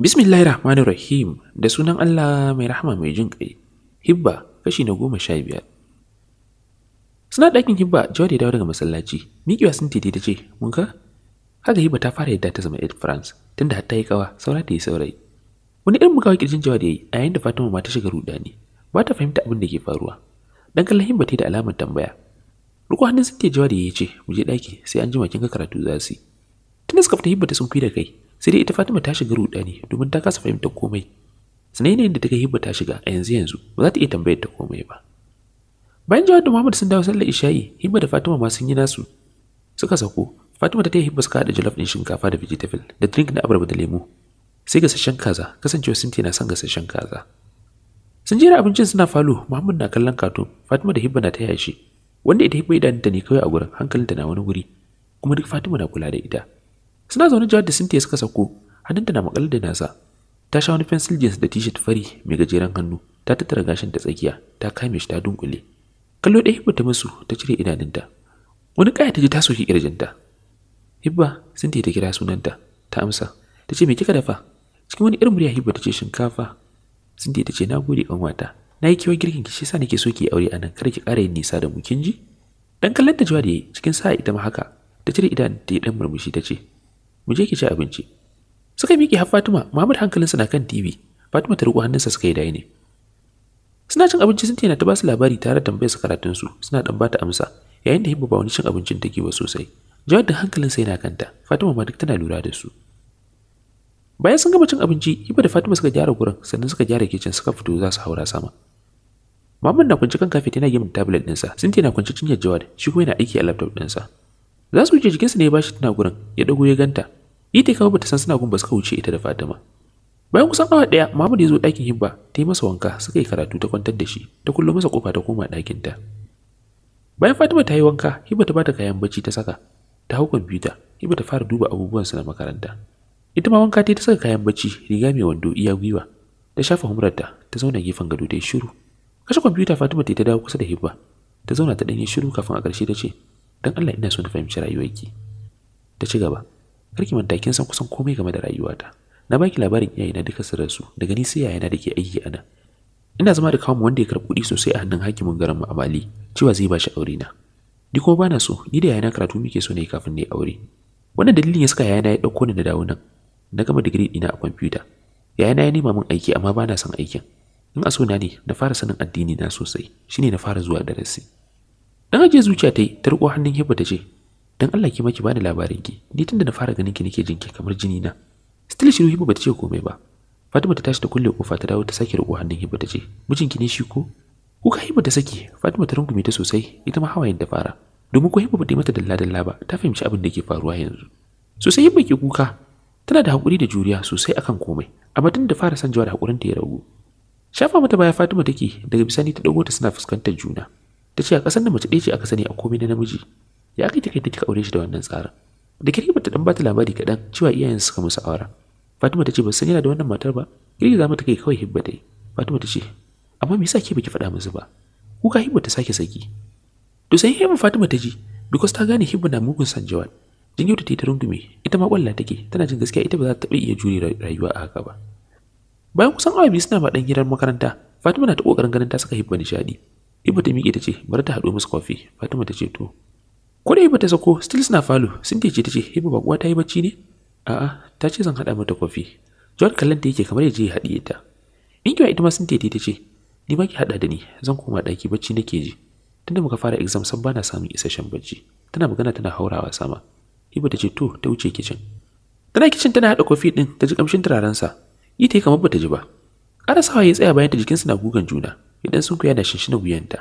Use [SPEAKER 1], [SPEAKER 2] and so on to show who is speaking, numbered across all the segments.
[SPEAKER 1] Bismillahir Rahmanir Rahim da sunan Allah mai rahama mai jin ƙai. Hibba kashi na goma sha biyar. Suna ɗakin Hibba da ya dawo daga masallaci. Mikiwa sun titi ta ce, "Mun ka?" Haka Hibba ta fara yadda ta zama Ed France, tunda har ta yi kawa, saura ta yi saurayi. Wani irin bugawa kirjin da ya yi a yayin da Fatima ma ta shiga rudani. Ba ta fahimta abin da ke faruwa. dan kallon himba da alamar tambaya ruku hannun sun tejewa da ya ce mu je daki sai an jima kin ga karatu za su yi tun da suka fita himba ta sun fi da kai sai dai ita fatima ta shiga rudani domin ta kasa fahimtar komai sanai ne da ta himba ta shiga a yanzu yanzu ba za ta iya tambayar ta komai ba bayan jawar da muhammad sun dawo sallar isha'i himba da fatima ma sun yi nasu suka sauko fatima ta taya himba suka haɗa jalof ɗin shinkafa da vegetable da drink na abarba da lemu sai gasasshen kaza kasancewa sinti na son gasasshen kaza sun jera abincin suna falo muhammad na kallon katon fatima da hibba na taya shi wanda ita hibba idanunta ne kawai a gurin hankalinta na wani wuri kuma duk fatima na kula da ita suna zaune jawar da sintiya suka sauko hannunta na makalar da nasa ta sha wani fensil jins da t-shirt fari mai gajeren hannu ta tattara gashin ta tsakiya ta kame shi ta dunkule kallo da hibba ta musu ta cire idanunta wani kaya ta ji ta soki kirjinta. hibba sun ta kira sunanta ta amsa ta ce me kika dafa cikin wani irin murya hibba ta ce shinkafa sun ta ce na gode kanwata. Na yi kiwon girkin ki shi yasa nake so ki aure a nan. kar ki ƙara yin nisa da mu kin ji? Dan kallon ta da yi cikin sa'a ita ma haka. Ta cire idan ta yi dan murmushi ta ce mu je ki ci abinci. Suka miƙe har Fatima Mahmud hankalinsa na kan TV. Fatima ta riƙo hannunsa suka yi daine. Suna cin abinci sun tana ta ba su labari tare da tambayar su karatunsu suna dan ba ta amsa yayin da Hibba ba wani cin abincin take ba sosai. jawadi da hankalinsa yana kanta Fatima ma duk tana lura da su. bayan sun gama cin abinci iba da fatima suka gyara gurin sannan suka gyara kicin suka fito za su haura sama Maman na kwanci kan kafe tana game tablet ɗinsa, Cynthia na kwanci cinyar Jawad, shi kuma yana aiki a laptop ɗinsa. Za su wuce jikinsa ne ya bashi tana gurin, ya dago ya ganta. Ita kawai bata san suna gun ba suka wuce ita da Fatima. Bayan kusan awa daya Mahmud ya zo ɗakin Himba, ta yi masa wanka, suka yi karatu ta kwantar da shi, ta kullo masa kofa ta koma ɗakinta. Bayan Fatima ta yi wanka, Himba ta bata kayan bacci ta saka, ta hau kwamfuta, Himba ta fara duba abubuwansa na makaranta. ita ma wanka ta saka kayan bacci riga mai wando iya gwiwa ta shafa humrarta ta zauna gefen gado ta yi shiru kashe kwamfuta fatima ta dawo kusa da hibba ta zauna ta ɗanye shiru kafin a ƙarshe ta ce don allah ina so na fahimci rayuwarki ta ci gaba karki manta kin san kusan komai game da rayuwata na baki labarin iyayena duka rasu daga ni sai yayana da ke aiki a nan. ina zama da kawo wanda ya karɓi kuɗi sosai a hannun hakimin garin mu a mali cewa zai bashi aure na ni kuma bana so ni da yayana karatu muke so ne kafin na aure wannan dalilin ya saka yayana ya ɗauko ni da dawo nan na gama digiri ɗina a kwamfuta yayana ya nema min aiki amma ba na son aikin in a so na ne na fara sanin addini na sosai shine na fara zuwa darasi dan aje zuciya ta yi ta riƙo hannun hibba ta ce dan Allah ki maki bani labarin ki ni tunda na fara ganin ki nake jinki kamar jini na still shiru hibba bata ce komai ba Fatima ta tashi ta kulle kofa ta dawo ta sake riƙo hannun hibba ta ce mijinki ne shi ko kuka hibba ta saki Fatima ta rungume ta sosai ita ma hawayen ta fara domin ko hibba bata yi mata dalla dalla ba ta fahimci abin da ke faruwa yanzu sosai hibba ke kuka tana da haƙuri da juriya sosai akan komai a batun da fara sanjawa da haƙurinta ya ragu shafa mata baya fatima take daga bisani ta ɗago ta suna fuskantar juna ta ce a ƙasar da mace ɗaya ce aka sani a komai na namiji ya kai take take aure shi da wannan tsarin da kirki ta dan bata labari kaɗan cewa iyayen suka musu aura fatima ta ce ban san yana da wannan matar ba girgiza mata kai kawai hibba dai fatima ta ce amma me yasa ke baki faɗa musu ba kuka hibba ta sake saki to sai hibba fatima ta ji because ta gane hibba na mugun san yau da ta yi ta rungume, ita ma ƙwalla take, tana jin gaskiya ita ba za ta taɓa iya jure rayuwa a haka ba. Bayan kusan awa biyu suna ɗan hirar makaranta, Fatima na ta ƙoƙarin ganin ta saka hibba nishaɗi. Hibba ta miƙe ta ce, bari ta haɗo musu kofi. Fatima ta ce, to. Ko da hibba ta sako, still suna falo, sun ce ta ce, hibba ba kuwa ta yi bacci ne? A'a, ta ce zan haɗa mata kofi. John kallon ta yake kamar ya je ya haɗiye ta. in Ingiwa ita ma sun ta ce, ni ma ki haɗa da ni, zan koma ɗaki bacci nake ji. Tunda muka fara exam san bana samun isasshen bacci. Tana magana tana haurawa sama. hiba ta ce to ta wuce kicin tana kicin tana haɗa kofi ɗin ta ji ƙamshin turarensa yi ta kamar bata ji ba sawa ya tsaya bayan ta jikinsa na gugan juna idan sun kuya da shinshina wuyanta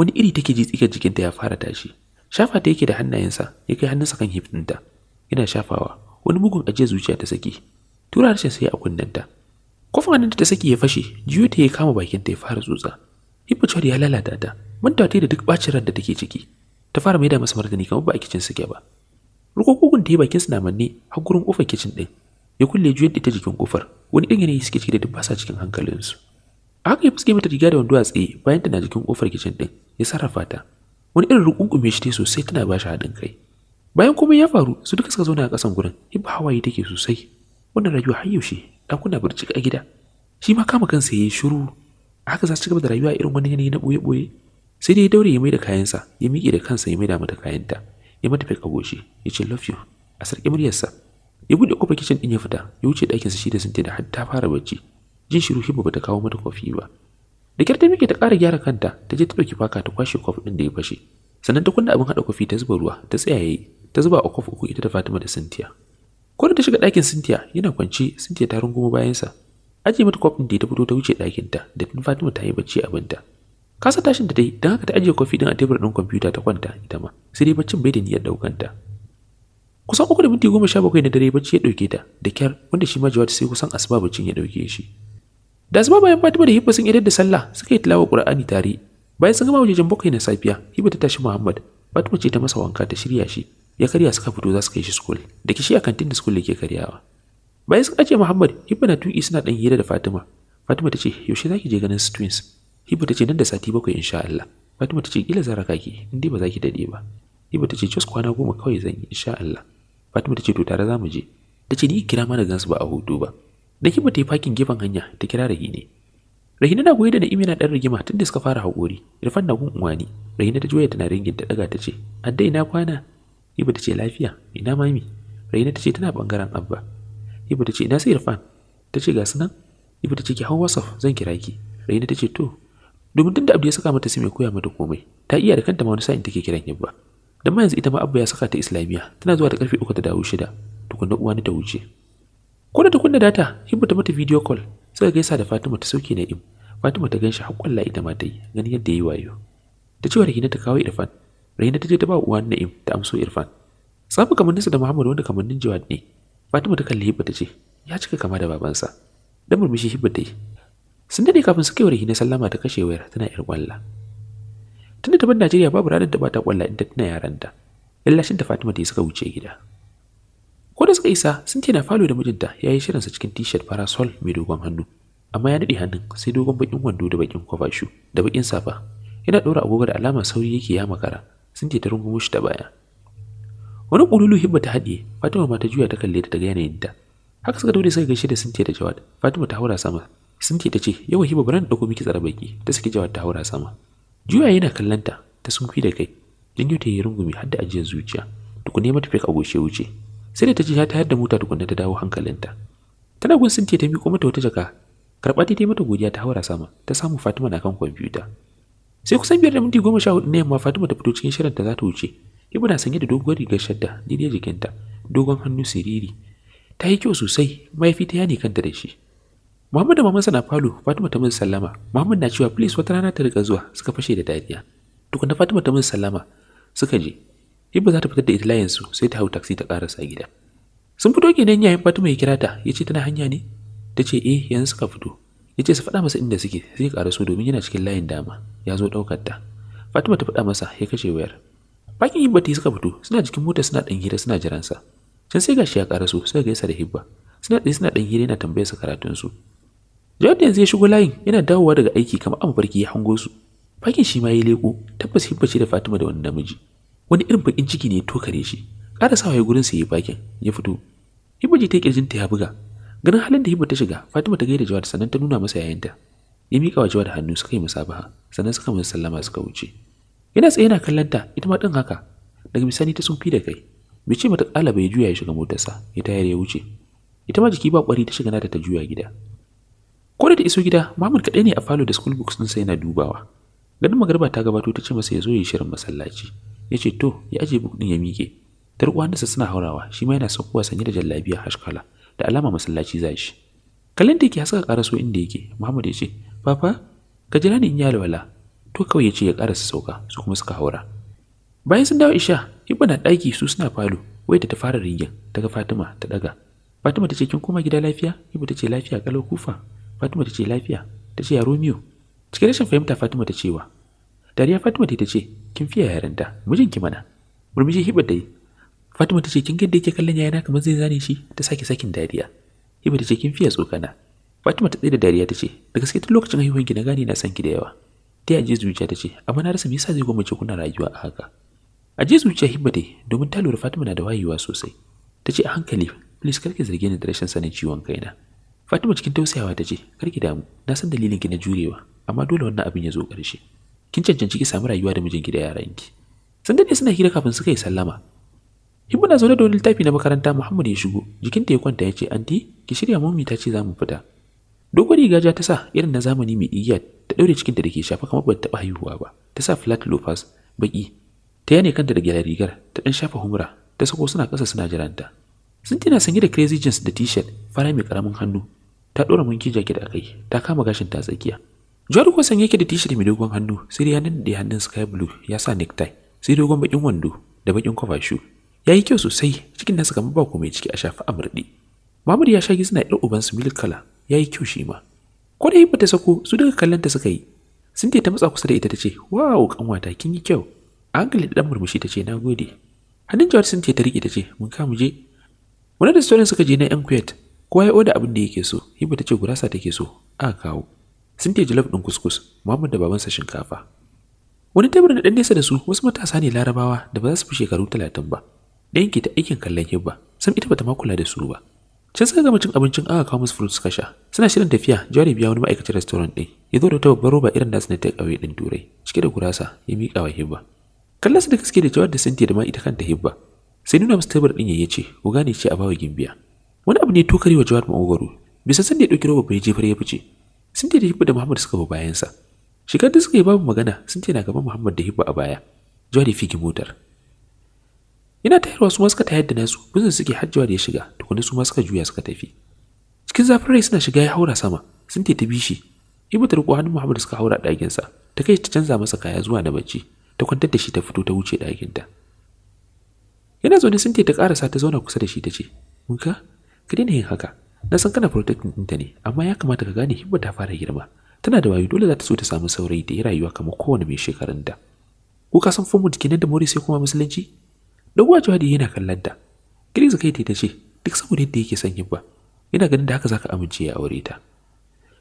[SPEAKER 1] wani iri take ji tsikar jikinta ya fara tashi shafa ta yake da hannayensa ya kai hannunsa kan hip ɗinta yana shafawa wani bugun ajiye zuciya ta saki tura harshen sai a kunnenta kofin hannunta ta saki ya fashe jiyo ta ya kama bakinta ya fara tsotsa hippocor ya lalata ta Mun ta da duk bacin ran da take ciki ta fara mai da masa martani kamar ba a kicin suke ba Ruko kugun ta yi bakin su na manne har gurin kofar kicin din ya kulle juyar da ta jikin kofar wani irin yanayi suke ciki da duk basa cikin hankalinsu a haka ya fuske mata riga da wando a tsaye bayan tana jikin kofar kicin din ya sarrafa ta wani irin rukunkume shi ta sosai tana ba shi haɗin kai bayan kuma ya faru su duka suka zauna a ƙasan gurin hibba hawaye take sosai wannan rayuwa har yaushe ɗakuna bircik a gida shi ma kama kansa ya yi shiru haka za su cigaba da rayuwa irin wani yanayi na ɓoye-ɓoye sai dai daure ya mai da kayansa ya miƙe da kansa ya mai da mata kayanta ya mata fik ya ce love you a sarki muryarsa ya buɗe kofar kicin din ya fita ya wuce ɗakinsa shi da sun da har ta fara bacci jin shiru hibba bata kawo mata kofi ba da kyar ta ta ƙara gyara kanta ta je ta ɗauki faka ta kwashe kofi ɗin da ya fashe sannan ta kunna abin haɗa kofi ta zuba ruwa ta tsaya yayi ta zuba a kofi uku ita da Fatima da sintiya ko ta shiga ɗakin sintiya yana kwance sintiya ta rungumo bayansa aje mata kofin da ta fito ta wuce ɗakinta da tun Fatima ta yi bacci abinta kasa tashin da dai don haka ta ajiye kofi din a tebur din kwamfuta ta kwanta ita ma sai dai baccin bai da niyyar daukan ta kusan uku da minti goma sha bakwai na dare bacci ya dauke ta da kyar wanda shi ma jawad sai kusan asuba baccin ya dauke shi da asuba bayan fatima da hibba sun idar da sallah suka yi tilawa qur'ani tare bayan sun gama wajejen bakwai na safiya hibba ta tashi muhammad fatima ce ta masa wanka ta shirya shi ya karya suka fito za su kai shi school da kishi a kantin da school da ke karyawa bayan sun ajiye muhammad hibba na tuki suna dan hira da fatima fatima ta ce yaushe za ki je ganin twins Hibu ta ce nan da sati bakwai insha Allah. Fatima ta ce kila zara kaki in dai ba za ki dade ba. Hibu ta ce just kwana goma kawai zan yi insha Allah. Fatima ta ce to tare za mu je. Ta ce ni kira mana gansu ba a hudu ba. Da Hibu ta yi fakin gefen hanya ta kira Rahine. Rahina na goye da Na'imi na dan rigima tun da suka fara hakuri. Irfan na gun uwani. Rahina ta juya tana ringin ta daga ta ce, "Adda ina kwana?" Ibu ta ce, "Lafiya, ina mami?" Rahina ta ce tana bangaren Abba. Ibu ta ce, "Ina sai Irfan?" Ta ce, "Ga su nan." Ibu ta ce, "Ki hau WhatsApp, zan kira ki." Rahina ta ce, "To." domin duk da ya saka mata sai mai koya mata komai ta iya da kanta ma wani sa'in take kiran yabba dan ma yanzu ita ma Abba ya saka ta Islamiyya tana zuwa da karfe 3 ta dawo shida tukunna uwa ta wuce ko da kunna data Hibba ta mata video call suka gaisa da Fatima ta sauke na im Fatima ta ganshi shi la ita ma ta yi gani yadda yayi wayo ta ce wa Rahina ta kawo Irfan Rahina ta je ta ba uwa im ta amso Irfan Sabu kamanninsa da Muhammad wanda kamannin Jawad ne Fatima ta kalli Hibba ta ce ya cika kama da babansa dan murmushi Hibba ta yi sun dade kafin su kaiwa na sallama ta kashe wayar tana yar kwalla tunda ta bar Najeriya babu ranar da ba ta kwalla inda tana yaranta lallashin da Fatima ta yi suka wuce gida ko da suka isa sun ce na falo da mijinta ya yi shirinsa cikin t-shirt parasol mai dogon hannu amma ya daɗe hannun sai dogon bakin wando da bakin kwafashu da baƙin safa yana ɗora agogo da alamar sauri yake ya makara sun ce ta rungumo shi ta baya wani ƙululu hibba ta haɗiye fatima ma ta juya ta kalle ta daga yanayinta haka suka daure suka gaishe da sun ce da jawad fatima ta haura sama Sinti ta ce, "Yau hiba bari na dauko miki tsara baki." Ta saki jawar ta haura sama. Juya yana kallon ta sunfi da kai. janyo ta yi rungumi har da ajiyar zuciya. Tukune mata fake goshe wuce. Sai da ta ce ta tayar da mota tukunna ta dawo hankalinta. Tana gun Sinti ta miƙo mata wata jaka. Karɓa ta mata godiya ta haura sama, ta samu Fatima na kan kwamfuta. Sai kusan biyar da minti goma sha hudu na yamma Fatima ta fito cikin shirin ta za ta wuce. Ibu na sanye da doguwar rigar shadda daidai jikinta, dogon hannu siriri. Ta yi kyau sosai, mahaifi ta yane kanta da shi. Muhammad da mamansa na falo Fatima ta min sallama Muhammad na cewa please wata rana ta rika zuwa suka fashe da dariya tukunna Fatima ta min sallama suka je Hibba za ta fitar da ita layin su sai ta hau taxi ta karasa gida sun fito nan yayin Fatima ya kira ta yace tana hanya ne ce eh yanzu suka fito yace su faɗa masa inda suke sai ya karaso domin yana cikin layin dama ya zo daukar ta Fatima ta faɗa masa ya kashe wayar bakin Hibba ta suka fito suna jikin mota suna dan hira suna jiransa can sai gashi ya karaso suka gaisa da Hibba suna ɗaya suna dan hira yana tambayar sa karatun su Jawad yanzu ya shigo layin yana dawowa daga aiki kamar an barki ya hango su. Fakin shi ma ya leko tabbas hibba ce da Fatima da wani namiji. Wani irin bakin ciki ne ya kare shi. Ƙara sawa ya gurin sa yi fakin ya fito. Hibba ta kirjin ta ya buga. Ganin halin da Hibba ta shiga Fatima ta gaida Jawad sannan ta nuna masa yayanta. Ya mika wa Jawad hannu suka yi musabaha sannan suka masa sallama suka wuce. Yana tsaye yana kallon ta ita ma din haka. Daga bisani ta sunfi da kai. Bai ce mata kalaba ya juya ya shiga motarsa ya tayar ya wuce. Ita ma jiki ba ƙwari ta shiga nata ta juya gida. ko da ta iso gida mamar kadai ne a falo da school books sai yana dubawa ganin magarba ta gabato ta ce masa ya zo ya shirin masallaci ya ce to ya aje book ɗin ya mike miƙe tarƙuwansa suna haurawa shi ma yana saukowa sanye da jallabiya hashkala da alama masallaci za shi kallon da yake haska karaso inda yake muhammad ya ce papa ka jira ni in yi alwala to kawai ya ce ya su sauka su kuma suka haura bayan sun dawo isha ibu na ɗaki su suna falo wai ta fara rigin daga fatima ta daga fatima ta ce kin koma gida lafiya ibu ta ce lafiya kalau kufa Fatima ta ce lafiya, ta ce ya Romeo. Cikin rashin fahimta Fatima ta cewa, dariya Fatima ta ce, kin fiya yarinta, mijinki mana. Murmushi hiba ta yi. Fatima ta ce kin ga da yake kallon yayana kamar zai zane shi, ta sake sakin dariya. Hiba ta ce kin fiya tsokana. Fatima ta tsaye da dariya ta ce, da gaske tun lokacin ki na gane na san ki da yawa. Ta yaje zuciya ta ce, amma na rasa me yasa zai ce kuna rayuwa a haka. A je zuciya himma dai domin ta lura Fatima na da wayewa sosai. Ta ce a hankali, please karki zarge ni da rashin sanin ciwon kaina. Fatima cikin tausayawa ta ce, kar "Karki damu, na san dalilin ki na jurewa, amma dole wannan abin ya zo ƙarshe. Kin cancanci ki samu rayuwa da mijinki da yaranki." Sun dade suna hira kafin suka yi sallama. Himma na zaune da wani littafi na makaranta Muhammad ya shigo, jikinta ya kwanta ya ce, "Anti, ki shirya mami ta ce za mu fita." Dogon riga ja ta sa irin na zamani mai igiya ta daure cikinta da ke shafa kamar bata taɓa haihuwa ba. Ta sa flat loafers baƙi. Ta yane kanta da gyalar rigar, ta ɗan shafa humra, ta sako suna ƙasa suna jiranta. Sun tana sanye da crazy jeans da t-shirt fara mai karamin hannu ta ɗora munki jacket a kai ta kama gashin ta tsakiya ko Kwasan yake da t-shirt mai dogon hannu sai dai nan da hannun sky blue ya sa necktie sai dogon bakin wando da bakin cover shoe ya kyau sosai cikin nasa kamar ba mai ciki a shafi amurdi. mamuri ya sha suna ɗan su milk kala ya yi kyau shi ma ko da hibba ta sako su daga kallon ta suka yi sun ta matsa kusa da ita ta wow kanwata kin yi kyau a hankali da dan murmushi ta ce na gode hannun jawar sun ta riƙe ta ce mun ka mu je wani da suka je na yan kowa ya oda abin da yake so hiba ta ce gurasa take so aka kawo sun te jalof ɗin kuskus muhammad da babansa shinkafa wani tabar da ɗan nesa da su wasu matasa ne larabawa da ba za su fi shekaru talatin ba ɗayan ke ta aikin kallon hibba sam ita bata ma kula da su ba can sai gama cin abincin aka kawo musu fruit suka suna shirin tafiya jari biya wani ma'aikacin restaurant ɗin ya zo da wata babbar roba irin nasu na take away ɗin turai cike da gurasa ya miƙa wa hibba kallon su da gaske da jawar da sinti da ma ita kanta hibba sai nuna musu tebur ɗin ya ce ku gane ce a bawa gimbiya wani abu ne to wa jawad ma'ogaro bisa san da ɗauki roba bai jefar ya fice sun da hibba da muhammad suka hau bayansa shigar da suka yi babu magana sun ce na gaban muhammad da hibba a baya jawad ya fige motar yana tayarwa su ma suka tayar da nasu bizin suke hajjawa da ya shiga tukuna su ma suka juya suka tafi cikin zafin rai suna shiga ya haura sama sun ta bi shi, ibu ta riko hannun muhammad suka haura ɗakinsa ta kai ta canza masa kaya zuwa na bacci ta kwantar da shi ta fito ta wuce ɗakinta yana zaune sun ta ƙarasa ta zauna kusa da shi ta ce mun ka ka daina yin haka na san kana protecting ɗinta ne amma ya kamata ka gane himma ta fara girma tana da wayo dole za ta so ta samu saurayi da ya rayuwa kamar kowane mai shekarun da ko ka san famud kenan da mori sai kuma musulunci doguwa jihadi yana kallon ta kiri kai ta ce duk saboda yadda yake son himma ina ganin da haka zaka amince ya aure ta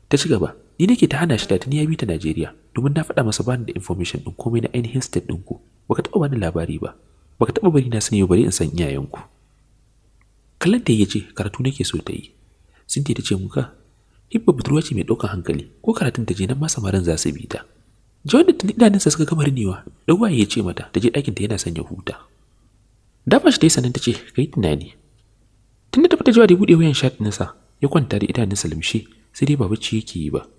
[SPEAKER 1] ta ci gaba ni nake ta hana shi da tuni ya bi ta Najeriya domin na faɗa masa bani da information din komai na ainihin state ku baka taɓa bani labari ba baka taɓa bari na sani bari in san iyayenku kallon ta ya ce karatu nake so ta yi sinti ta ce muka hibba budurwa ce mai ɗaukar hankali ko karatun ta je nan ma samarin za su bi ta jawar da tuni idanunsa suka gama rinewa ɗan waye ya ce mata ta je ta yana sanya huta dafa shi ta yi sanin ta ce ka yi tunani tun da ta fita jiwa da buɗe wayan shat sa ya kwanta da idanunsa lumshe sai dai ba bacci yake yi ba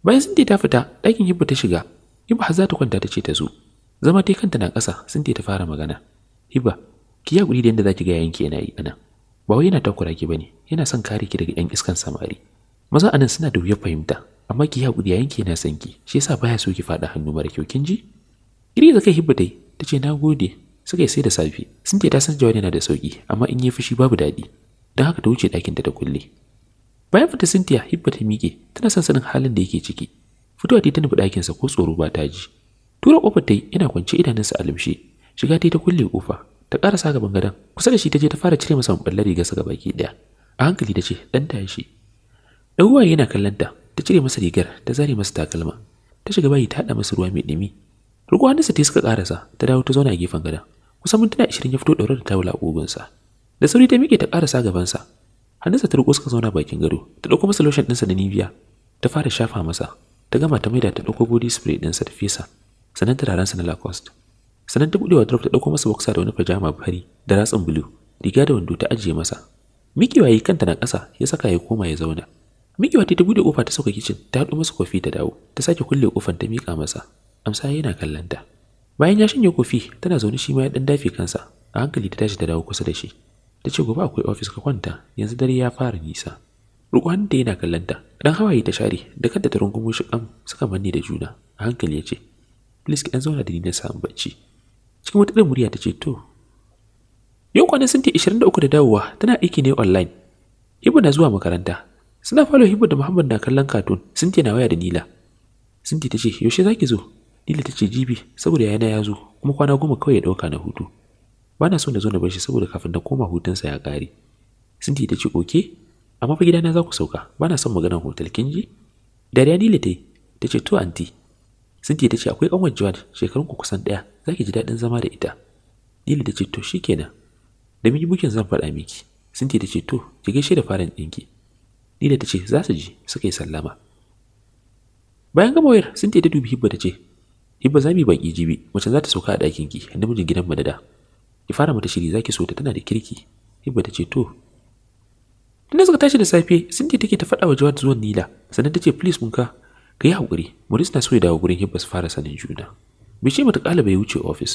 [SPEAKER 1] bayan sinti ta fita ɗakin hibba ta shiga hibba har za ta kwanta ta ce ta zo zama yi kanta na ƙasa sinti ta fara magana hibba ki ya guri da yadda zaki ga yayin ki yana yi anan ba wai yana takura ki bane yana son kare ki daga 'yan iskan samari maza anan suna da wuya fahimta amma ki haƙuri yayin ki yana son ki shi yasa baya so ki faɗa hannu mara kyau kin ji kiri da kai hibba dai ta ce na gode suka yi sai da safe sun ce ta san jawar yana da sauki amma in yi fushi babu daɗi don haka ta wuce ta da kulle bayan fita sintiya hibba ta miƙe tana son sanin halin da yake ciki fitowa ta nufi ɗakinsa ko tsoro ba ta ji tura ƙofar ta yi yana kwance idanunsa a lumshe shiga ta ta kulle ƙofa ta karasa gaban gadon kusa da shi ta je ta fara cire masa ballar rigarsa ga baki daya a hankali ta ce dan ta shi ɗauwa yana kallon ta ta cire masa rigar ta zare masa takalma ta shiga bayi ta haɗa masa ruwa mai ɗumi riko hannunsa ta suka karasa ta dawo ta zauna a gefen gadon kusan mintuna ashirin ya fito ɗaure da tawula ugunsa da sauri ta miƙe ta karasa gabansa hannunsa ta riƙo suka zauna bakin gado ta ɗauko masa lotion ɗinsa da nibiya ta fara shafa masa ta gama ta maida ta ɗauko body spray ɗinsa ta fesa sannan turaren sa na lacoste sanan da buɗewa drop ta ɗauko masa boxer da wani pajama fari da ratsin blue riga da wando ta ajiye masa mikewa yi kanta na kasa ya saka ya koma ya zauna mikewa ta buɗe kofa ta sauka kicin ta hado masa kofi ta dawo ta sake kulle kofar ta mika masa amsa yana kallonta. bayan ya shanye kofi tana zaune shi ma ya ɗan dafe kansa a hankali ta tashi ta dawo kusa da shi ta ce gobe akwai ofis ka kwanta yanzu dare ya fara nisa rukwan da yana kallanta dan hawaye ta share da kanta ta rungumo shi kam suka manne da juna a hankali ya ce please ki dan zauna da ni na samu bacci cikin wata irin murya ta ce to yau kwanan sinti 23 da dawowa tana aiki ne online ibu na zuwa makaranta suna falo hibu da muhammad na kallon katun sinti na waya da nila sun ta ce yaushe za ki zo nila ta ce jibi saboda yana ya zo kuma kwana goma kawai ya dauka na hutu ba na so na zo na bar shi saboda kafin na koma hutunsa ya ƙare sun ta ce oke amma fa gidana za ku sauka ba na son maganar hotel kin ji dariya nila ta yi ta ce to anti Sinti ta ce akwai kanwar jiwa shekarun ku kusan ɗaya zaki ji dadin zama da ita Lili ta ce to shikenan da miji bukin zan fada miki Sinti ta ce to ki gaishe da faran ɗinki Lila ta ce za su ji suka yi sallama bayan gama wayar Sinti ta dubi Hibba ta ce Hibba za mu baki jibi mace za ta sauka a ɗakin ki mijin gidan mu da da ki fara mata shiri zaki so ta tana da kirki Hibba ta ce to Tunda suka tashi da safe, Sinti take ta faɗa wa Jawad zuwan Nila, sannan ta ce, "Please mun ka, ka yi haƙuri, Maurice na so ya dawo gurin Hibba su fara sanin juna." bai ce mata bai wuce ofis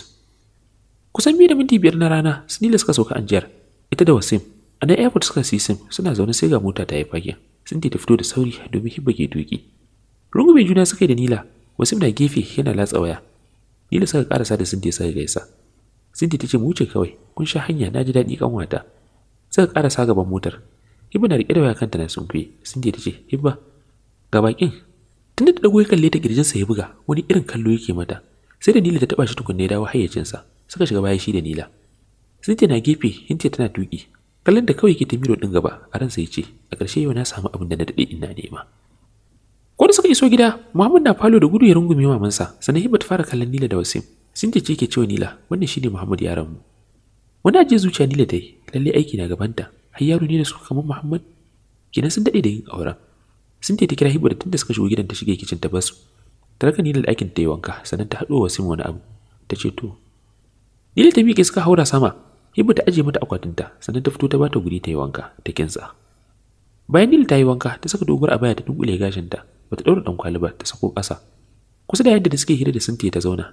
[SPEAKER 1] kusan biyu da minti biyar na rana sunila suka sauka jiyar ita da wasim a nan airport suka si sim suna zaune sai ga mota ta yi fage sun ta fito da sauri domin hibba ke duki rungume juna suka yi da nila wasim na gefe yana latsa waya nila suka karasa da sindi sa gaisa sun ta ce mu wuce kawai kun sha hanya na ji daɗi kanwata suka karasa gaban motar hibba na riƙe da waya kanta na sunkuye sun ta ce hibba ga bakin da ta dago ya kalle ta kirjinsa ya buga wani irin kallo yake mata sai da Nila ta taba shi tukunne ya dawo hayyacinsa suka shiga baya shi da Nila Sinti na gefe Hinti tana tuki kallon da kawai ke ta miro din gaba a ransa ce. a ƙarshe yau na samu abin da na dade ina nema ko da suka iso gida Muhammad na falo da gudu ya rungume mamansa sannan Hibba ta fara kallon Nila da Wasim sun ce ke cewa Nila wannan shine Muhammad yaran mu wani ajiye zuciya Nila ta yi lalle aiki na gabanta har yaro ne da suka kamar Muhammad kina sun dade da yin auren sun ta kira Hibba da tunda suka shigo gidan ta shige kicin ta basu ta raka nila aikin ta yi wanka sannan ta haɗo wa sim wani abu ta ce to nila ta miƙe suka haura sama hibba ta aje mata akwatinta sannan ta fito ta bata guri ta yi wanka ta kinsa bayan nila ta yi wanka ta saka a abaya ta dunkule gashinta bata ɗaura ɗan kwali ba ta sako ƙasa kusa da yadda da suke hira da sintiya ta zauna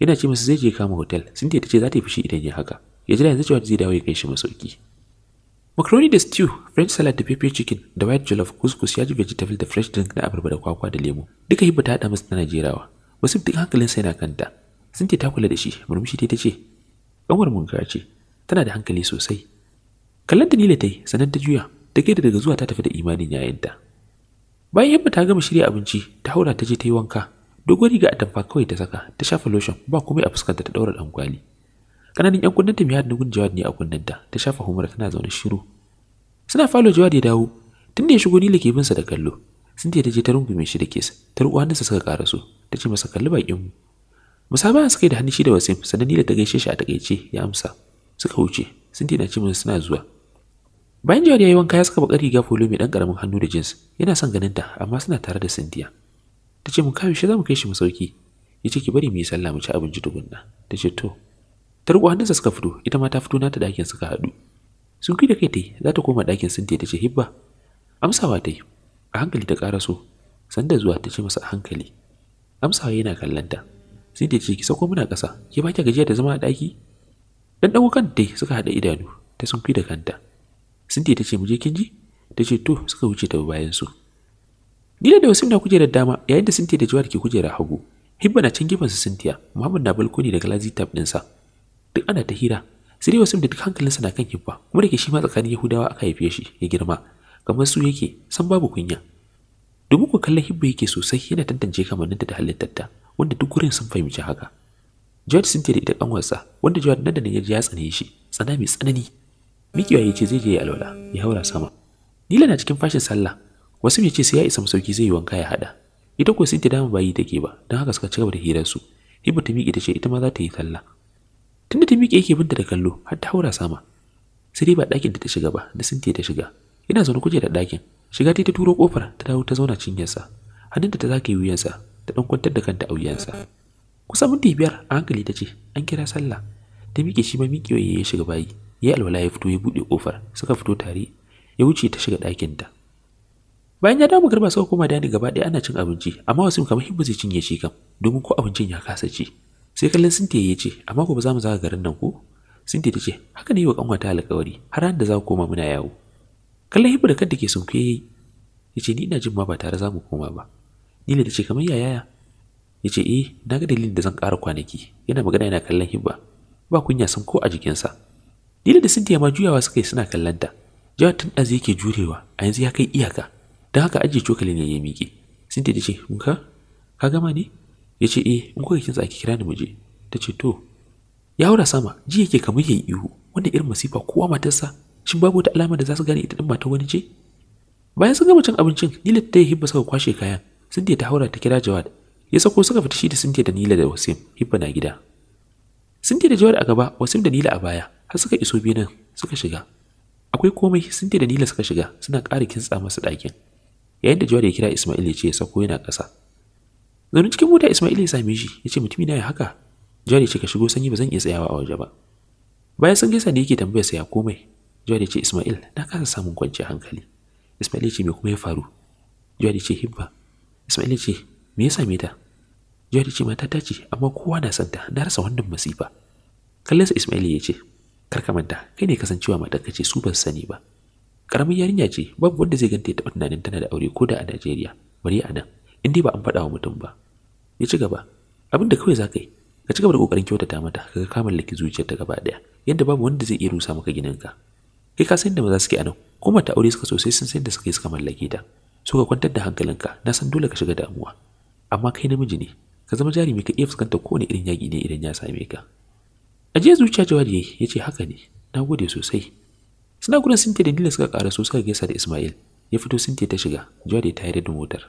[SPEAKER 1] yana ce masa zai je kama hotel sintiya ta ce za ta yi fushi idan ya haka ya da yanzu cewa zai dawo ya kai shi masauki Macaroni da stew, French salad da pepper chicken da white jollof couscous ya ji vegetable da fresh drink da abarba da kwakwa da lemu Duka hibba ta haɗa masa tana jerawa. Wasu duk sai na kanta. Sinti ta kula da shi, murmushi ta ce, "Ƙanwar mun ce, tana da hankali sosai." Kallon ta nila ta yi, sannan ta juya, ta gaida daga zuwa ta tafi da imanin yayinta. Bayan hibba ta gama shirya abinci, ta haura ta je ta yi wanka. Dogon riga a tamfa kawai ta saka, ta shafa lotion, ba komai a fuskarta ta ɗaura ɗankwali. kananan yan kunnen mai miyar nugun jawad ne a kunnen ta shafa humura tana zaune shiru suna falo jawad ya dawo tun da ya shigo nila ke bin sa da kallo sun ta je ta rungume shi da kes ta ruwa hannunsa suka su, ta ce masa kalli bakin mu musaba suka yi da hannu shi da wasim sannan nila ta gaishe shi a takaice ya amsa suka wuce sun na ce min suna zuwa bayan jawad ya yi wanka ya saka bakar riga folo mai dan karamin hannu da jeans yana son ganin ta amma suna tare da sindiya ta ce mun kawo shi za mu kai shi masauki ya ce ki bari mu yi sallah mu ci abinci tukunna ta ce to ta riƙo hannunsa suka fito ita ma ta fito nata ɗakin suka haɗu sun da kai ta yi za ta koma dakin sun ta ce hibba amsawa ta yi a hankali ta ƙara so sanda zuwa ta ce masa a hankali amsawa yana kallanta ta ce ki sauko muna ƙasa ki ba ki gajiya da zama a ɗaki dan ɗago kan tai suka haɗa idanu ta sun da kanta Sun ta ce mu je kin ji ta ce to suka wuce ta bayan su Gida da wasu na kujerar dama yayin da sintiya da jiwa da ke kujerar hagu hibba na can gefen su sintiya muhammad na balkoni da glazi tab ɗinsa duk ana ta hira sai dai wasu da duk hankalinsa na kan hibba kuma da ke shi ma tsakanin yahudawa aka haife shi ya girma kamar su yake san babu kunya domin ku kallon hibba yake sosai yana tantance kamanninta da halittarta wanda duk gurin sun fahimci haka George sun da ita kanwarsa wanda George nan da nan ya ji ya tsane shi tsana mai tsanani Mikiwa ya ce zai je ya alwala ya haura sama Nila na cikin fashin sallah wasu ya ce sai ya isa masauki zai yi wanka ya hada ita ko sun dama mu bayi take ba don haka suka cigaba da hirar su Hibba ta miƙe ta ce ita ma za ta yi sallah tunda ta miƙe yake binta da kallo har ta haura sama sai dai ba ɗakin da ta shiga ba da sintiya ta shiga ina zaune kuje da ɗakin shiga ta turo kofar ta dawo ta zauna cinyarsa hannunta ta zaka yi wuyansa ta ɗan kwantar da kanta a wuyansa kusa minti biyar a hankali ta ce an kira sallah ta miƙe shi ma miƙewa ya shiga bayi ya alwala ya fito ya buɗe kofar suka fito tare ya wuce ta shiga ɗakin ta bayan ya dawo garba suka koma dani gaba ɗaya ana cin abinci amma wasu kamar hibba zai cinye shi kam domin ko abincin ya kasa ci sai kallon Cynthia ya ce amma gobe za mu zaga garin nan ko Cynthia ta ce haka ne wa kanwata alƙawari har da za ku koma muna yawo kallon Hibba da kanta ke sunkuye ya ce ni ina jin ma ba tare za mu koma ba Nila ta ce kamar yaya ya ce eh na ga dalilin da zan ƙara kwanaki yana magana yana kallon Hibba ba kunya sun ko a jikinsa Nila da Cynthia ma juyawa suka yi suna kallon ta jawa tun ɗazi yake jurewa a yanzu ya kai iyaka don haka ajiye cokali ne ya miƙe. Sinti ta ce, ka ka gama ne?" ya ce eh in kuka a ake kira ni mu je ta ce to ya haura sama ji yake kamar yayi ihu wanda irin masifa kowa matarsa shin babu wata alama da za su gane ita din matar wani ce bayan sun gama cin abincin nila ta yi hibba suka kwashe kayan sintiya ta haura ta kira jawad ya sako suka fita shi da sintiya da nila da wasim hibba na gida sintiya da jawad a gaba wasim da nila a baya har suka iso binin suka shiga akwai komai sintiya da nila suka shiga suna ƙara kintsa masa dakin yayin da jawad ya kira ismail ya ce ya sako yana ƙasa Zaune cikin mota Ismail ya same shi, ya ce mutumi na ya haka. jari ce ka shigo sanyi ba zan iya tsayawa a waje ba. Bayan sun gaisa da yake tambayar sa ya komai, jari ce Ismail na kasa samun kwanciyar hankali. Ismail ya ce me kuma ya faru? jari ce hibba. Ismail ya ce me ya same ta? jari ya ce mata ta ce amma kowa na santa na rasa wannan masifa. Kallon sa Ismail ya ce kar manta kai ne kasancewa matar ka ce su ban sani ba. karamin yarinya ce babu wanda zai ganta ya taɓa tunanin tana da aure ko da a Najeriya bari a nan in dai ba an faɗa wa mutum ba ya ci gaba abin da kawai za ka yi ka ci gaba da kokarin kyautata mata kaga laki zuciyar ta gaba daya yadda babu wanda zai iya rusa maka gininka kai ka san da maza suke nan ko mata aure suka sosai sun san da suka suka mallake ta so ka kwantar da hankalinka na san dole ka shiga damuwa amma kai namiji ne ka zama jarumi ka iya fuskanta kowane irin yaƙi ne idan ya same ka ajiya zuciya jawadi ya ce haka ne na gode sosai suna gudun sintiya da nila suka ƙara so suka gaisa da ismail ya fito sintiya ta shiga da ta yi da motar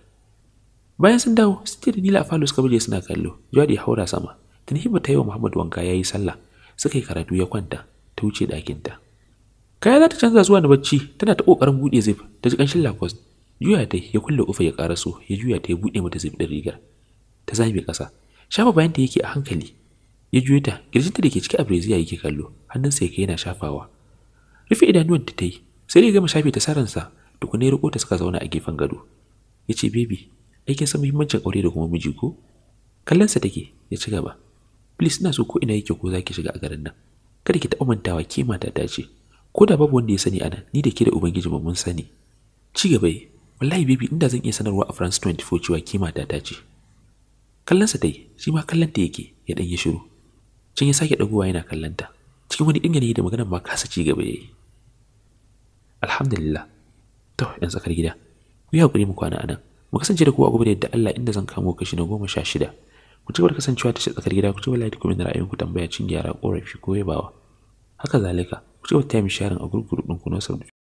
[SPEAKER 1] bayan sun dawo da nila a falo suka buje suna kallo jawadi ya haura sama tuni hiba ta yi wa muhammad wanka ya yi sallah suka yi karatu ya kwanta ta wuce ɗakinta kaya za ta canza zuwa na bacci tana ta ƙoƙarin buɗe zip ta ji ƙanshin lakos juya ta ya kulle ƙufa ya ƙaraso ya juya ta ya buɗe mata zip ɗin rigar ta zame ƙasa shafa bayanta yake a hankali ya juya ta ƙirjinta da ke cike a breziya yake kallo hannunsa yake yana shafawa rufe idanuwan ta ta yi sai ya gama shafe ta saransa tukunai ya riko ta suka zauna a gefen gado ya ce bebi aikin san muhimmancin aure da kuma miji ko kallonsa take ya ci gaba please ina so ko ina yake ko zaki shiga a garin nan kada ki taɓa mantawa ke mata ta ce ko da babu wanda ya sani anan ni da ke da ubangiji ba mun sani ci gaba yi wallahi baby inda zan iya sanarwa a France 24 cewa ke mata ta ce kallonsa ta yi shi ma kallonta yake ya ɗan yi shiru can ya sake ɗagowa yana kallonta cikin wani ɗin yanayi da maganar ma kasa ci gaba ya yi alhamdulillah to yan tsakar gida ku yi haƙuri mu kwana anan mu kasance da ku a gobe da Allah inda zan kamo kashi na goma sha shida ku cigaba da kasancewa ta tsakar gida ku ci wallahi kuma da ra'ayinku tambaya cin gyara korafi ko yabawa haka zalika ku cigaba da taya min sharing a gurgurun ku na